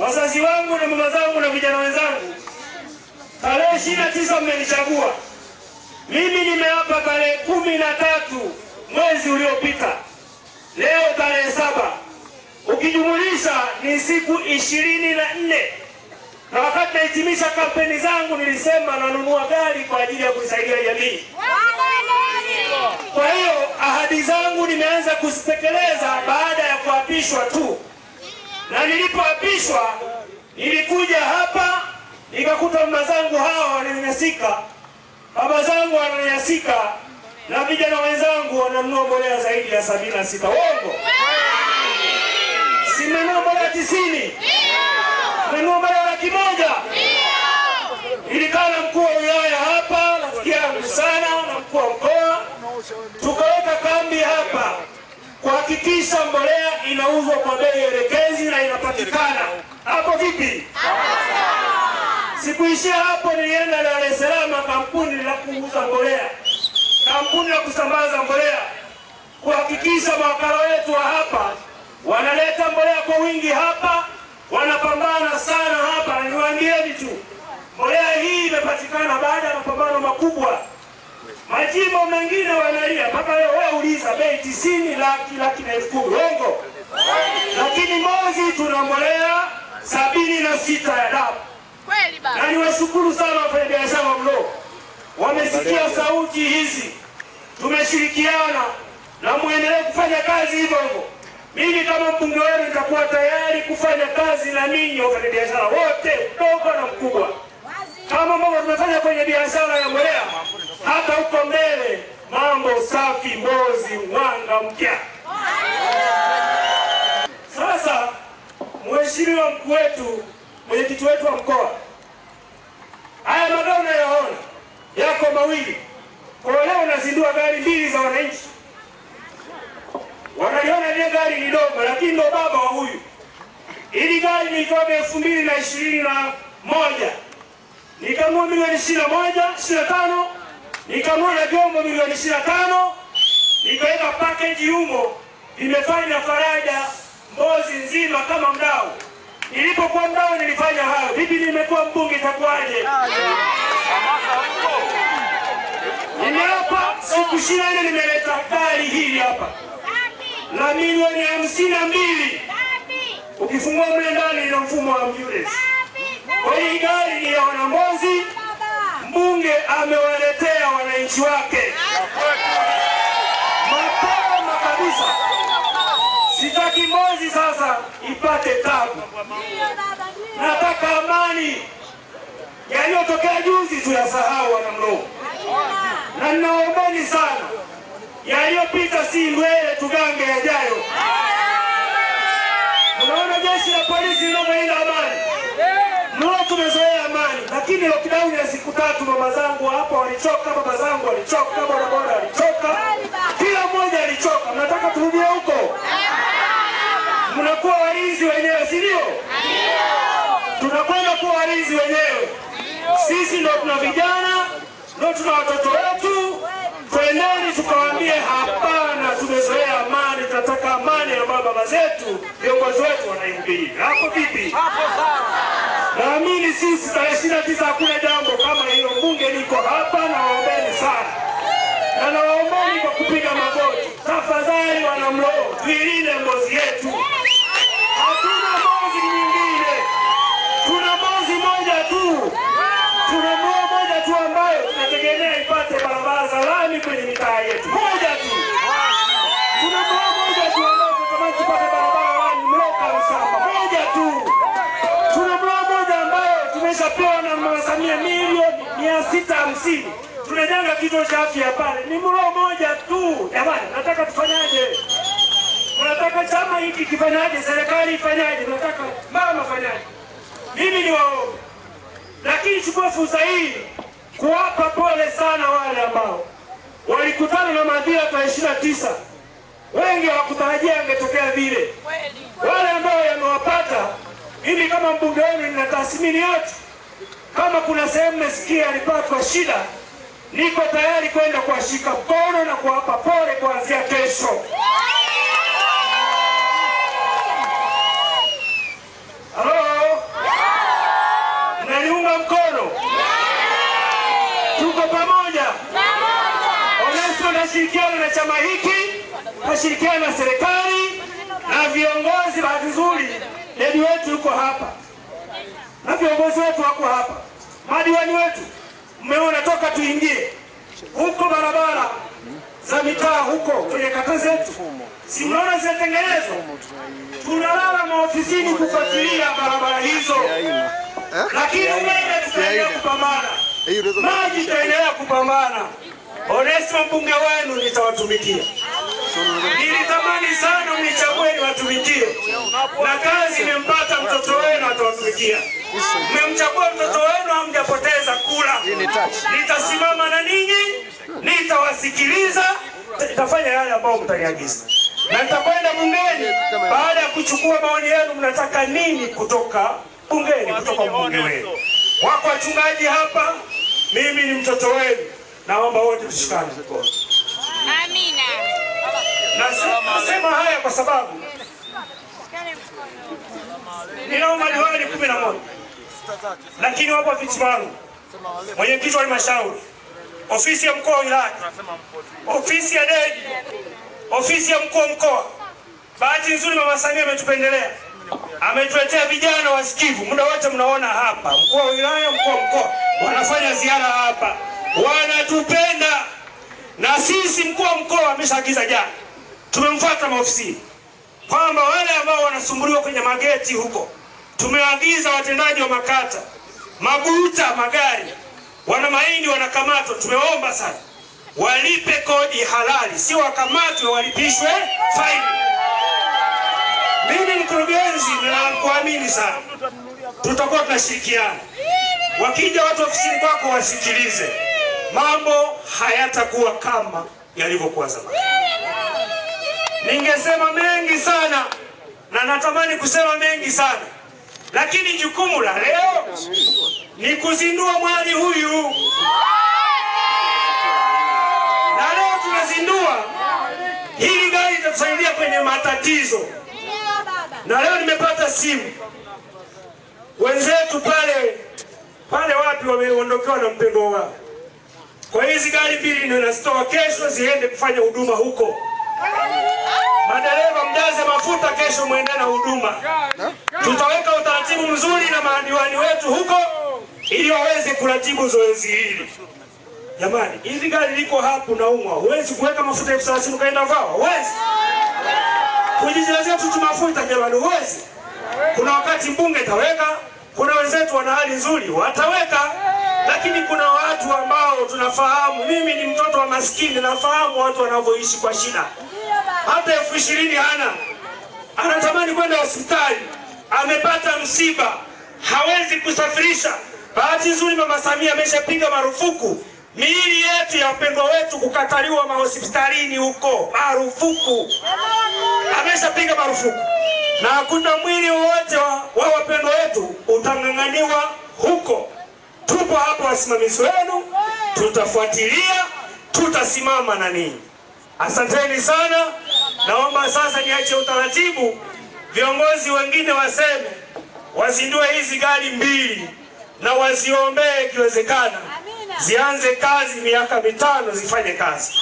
wazazi wangu na mama zangu na vijana wenzangu, tarehe ishirini na tisa mmenichagua mimi, nimeapa tarehe kumi na tatu mwezi uliopita, leo tarehe saba ukijumulisha ni siku ishirini na nne na wakati nahitimisha kampeni zangu nilisema nanunua gari kwa ajili ya kuisaidia jamii. Kwa hiyo ahadi zangu nimeanza kuzitekeleza baada ya kuapishwa tu na nilipoapishwa nilikuja hapa nikakuta mama zangu hawa wananyanyasika, baba zangu wananyanyasika, na vijana wenzangu wananunua mbolea zaidi ya sabini na sita. Uongo? Simenunua mbolea tisini, menunua mbolea laki moja. Ilikaa na mkuu wa wilaya hapa, rafiki yangu sana, na mkuu wa mkoa, tukaweka kambi hapa kuhakikisha mbolea inauzwa kwa bei elekezi na inapatikana. Hapo vipi? Sikuishia hapo, nilienda Dar es Salaam, kampuni la kuuza mbolea, kampuni la kusambaza mbolea, kuhakikisha mawakala wetu wa hapa wanaleta mbolea kwa wingi hapa, wanapambana sana hapa. Niwaambieni tu mbolea hii imepatikana baada ya mapambano makubwa. Majimbo mengine wanalia mpaka leo, wewe uliza bei tisini, laki laki na elfu kumi uongo, lakini Mozi tuna mbolea sabini na sita ya dabu kweli baba. Na niwashukuru sana wafanyabiashara wa mlo wamesikia sauti hizi, tumeshirikiana na muendelee kufanya kazi hivyo hivyo. Mimi kama mbunge wenu nitakuwa tayari kufanya kazi na ninyi wafanyabiashara wote, mdogo na mkubwa, kama ambavyo tumefanya kwenye biashara ya mbolea safi, Mbozi, mwanga mpya. Sasa mheshimiwa mkuu wetu, mwenyekiti wetu wa mkoa, haya magari unayoona yako mawili, kwa leo unazindua gari mbili za wananchi. Wanaliona ile gari ni dogo, lakini ndo baba wa huyu. Ili gari nilitoa elfu mbili na ishirini na moja nikanunua milioni ishirini na moja ishirini na tano nikanunua vyombo milioni ishirini na tano nikaweka package humo, vimefanya faraja Mbozi nzima kama mdau. Nilipokuwa mdau nilifanya hayo, vipi nimekuwa mbunge itakuwaje? Nimeapa siku ishirini na nne nimeleta gari hili hapa la milioni hamsini na mbili ukifungua mle ndani ina mfumo wa ambulensi. Kwa hiyo gari ni ya wanambozi mbunge amewaletea wananchi wake mapema kabisa. Sitaki Mbozi sasa ipate tabu, nataka amani. Yaliyotokea juzi tuyasahau, wanamloo, na ninaombeni sana, yaliyopita si ndwele, tugange yajayo. Unaona jeshi la polisi linavyolinda amani Leo tumezoea amani, lakini lockdown ya siku tatu, mama zangu hapa walichoka, baba zangu walichoka, bodaboda walichoka, kila mmoja alichoka. Mnataka turudie huko? Mnakuwa walinzi wenyewe, si ndio? Tunakwenda kuwa walinzi wenyewe. Sisi ndo tuna vijana, ndio tuna watoto wetu. Twendeni tukawaambie hapana, tumezoea amani, tunataka amani ambayo baba zetu, viongozi wetu wanaihubiri. Hapo vipi? Hapo sawa. Naamini sisi tarehe ishirini na tisa hakuna jambo kama hilo. Bunge liko hapa, nawaombeni sana na nawaombeni kwa kupiga magoti. Tafadhali wana Mlowo, tuilinde ngozi yetu. Hatuna Mbozi nyingine, tuna Mbozi moja tu, tuna Mlowo moja tu ambayo tunategemea ipate barabara za lami kwenye mitaa yetu, moja tu. hamsini tunajenga kituo cha afya pale, ni mlo moja tu. Jamani, nataka tufanyaje? Nataka chama hiki kifanyaje? Serikali ifanyaje? Nataka mama fanyaje? Mimi ni waombe, lakini chukua fursa hii kuwapa pole sana wale ambao walikutana na madhila tarehe ishirini na tisa. Wengi hawakutarajia angetokea vile. Wale ambao yamewapata, mimi kama mbunge wenu nina tathmini yote kama kuna sehemu mesikia alipatwa shida, niko tayari kwenda kuwashika mkono na kuwapa pole kuanzia kesho. Halo, mnaniunga mkono? Tuko pamoja. nashirikiana na chama hiki, nashirikiana na serikali na viongozi. Bahati nzuri, dedi wetu yuko hapa viongozi wetu wako hapa, madiwani wetu, mmeona toka tuingie huko barabara za mitaa huko kwenye kata zetu, si mnaona zinatengenezwa? Tunalala maofisini kufuatilia barabara hizo, lakini umeme tutaendelea kupambana, maji tutaendelea kupambana. Onesimo mbunge wenu nitawatumikia. Nilitamani sana mnichague watumikie, na kazi imempata mtoto wenu atawatumikia. Mmemchagua mtoto wenu, hamjapoteza kula. Nitasimama na ninyi, nitawasikiliza, nitafanya yale ambayo mtaniagiza, na nitakwenda bungeni. Baada ya kuchukua maoni yenu, mnataka nini kutoka bungeni, kutoka mbunge wenu? Wako wachungaji hapa, mimi ni mtoto wenu. Naomba wote tushikane mkono. Amina sema haya kwa sababu ninao madiwani kumi na moja lakini wapo mwenyekiti wa halmashauri, ofisi ya mkoa wa wilaya, ofisi ya dedi, ofisi ya mkuu wa mkoa. Bahati nzuri mama Samia ametupendelea, ametuletea vijana wasikivu. Muda wote mnaona hapa, mkuu wa wilaya, mkuu wa mkoa wanafanya ziara hapa, wanatupenda na sisi. Mkuu wa mkoa ameshaagiza jana tumemfuata maofisini kwamba wale ambao wanasumbuliwa kwenye mageti huko, tumeagiza watendaji wa makata, maguta magari, wana mahindi wanakamatwa. Tumeomba sana walipe kodi halali, sio wakamatwe walipishwe faini. Mimi mkurugenzi, kuamini sana, tutakuwa tunashirikiana. Wakija watu ofisini kwako, wasikilize, mambo hayatakuwa kama yalivyokuwa zamani. Ningesema mengi sana na natamani kusema mengi sana, lakini jukumu la leo ni kuzindua mwali huyu, na leo tunazindua hili gari, litatusaidia kwenye matatizo. Na leo nimepata simu wenzetu pale pale, wapi wameondokewa na mpendwa wao. Kwa hizi gari mbili ndio kesho ziende kufanya huduma huko. Madereva mjaze mafuta, kesho mwende na huduma. Tutaweka utaratibu mzuri na madiwani wetu huko, ili waweze kuratibu zoezi hili. Jamani, hizi gari liko hapo na umwa, huwezi kuweka mafuta elfu thelathini ukaenda vao, huwezi kujijazia tutu mafuta jamani, huwezi. Kuna wakati mbunge taweka, kuna wenzetu wana hali nzuri wataweka, lakini kuna watu ambao tunafahamu. Mimi ni mtoto wa maskini, nafahamu watu wanavyoishi kwa shida hata elfu ishirini hana, anatamani kwenda hospitali, amepata msiba, hawezi kusafirisha. Bahati nzuri, mama Samia ameshapiga marufuku miili yetu ya wapendwa wetu kukataliwa mahospitalini huko, marufuku, ameshapiga marufuku, na hakuna mwili wowote wa wapendwa wetu utang'ang'aniwa huko. Tupo hapa wasimamizi wenu, tutafuatilia, tutasimama na ninyi. Asanteni sana sasa niache utaratibu, viongozi wengine waseme, wazindue hizi gari mbili na waziombee, ikiwezekana zianze kazi miaka mitano, zifanye kazi.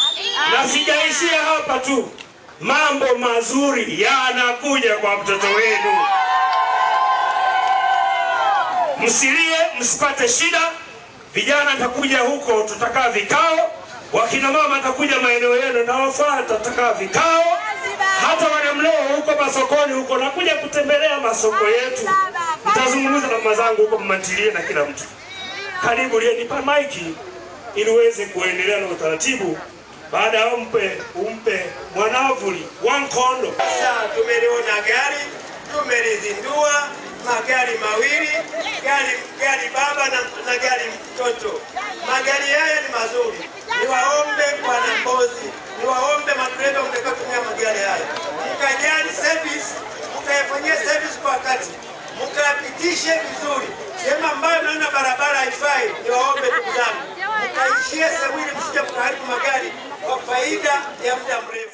Na sijaishia hapa tu, mambo mazuri yanakuja kwa mtoto wenu. Msilie, msipate shida. Vijana takuja huko, tutakaa vikao. Wakina mama takuja maeneo yenu, nawafuata, tutakaa vikao hata wanamloo huko masokoni huko, nakuja kutembelea masoko yetu, nitazungumza na mama zangu huko, mmantilie na kila mtu. Karibu pa maiki ili uweze kuendelea na utaratibu. Baada ya umpe umpe mwanavuli wa mkondo. Sasa tumeliona gari, tumelizindua magari mawili, gari gari baba na, na gari mtoto. Magari haya ni mazuri. tuishie vizuri. Sehemu ambayo naona barabara haifai, niwaombe ndugu zangu, mkaishie sehemu ile, msije mkaharibu magari kwa faida ya muda mrefu.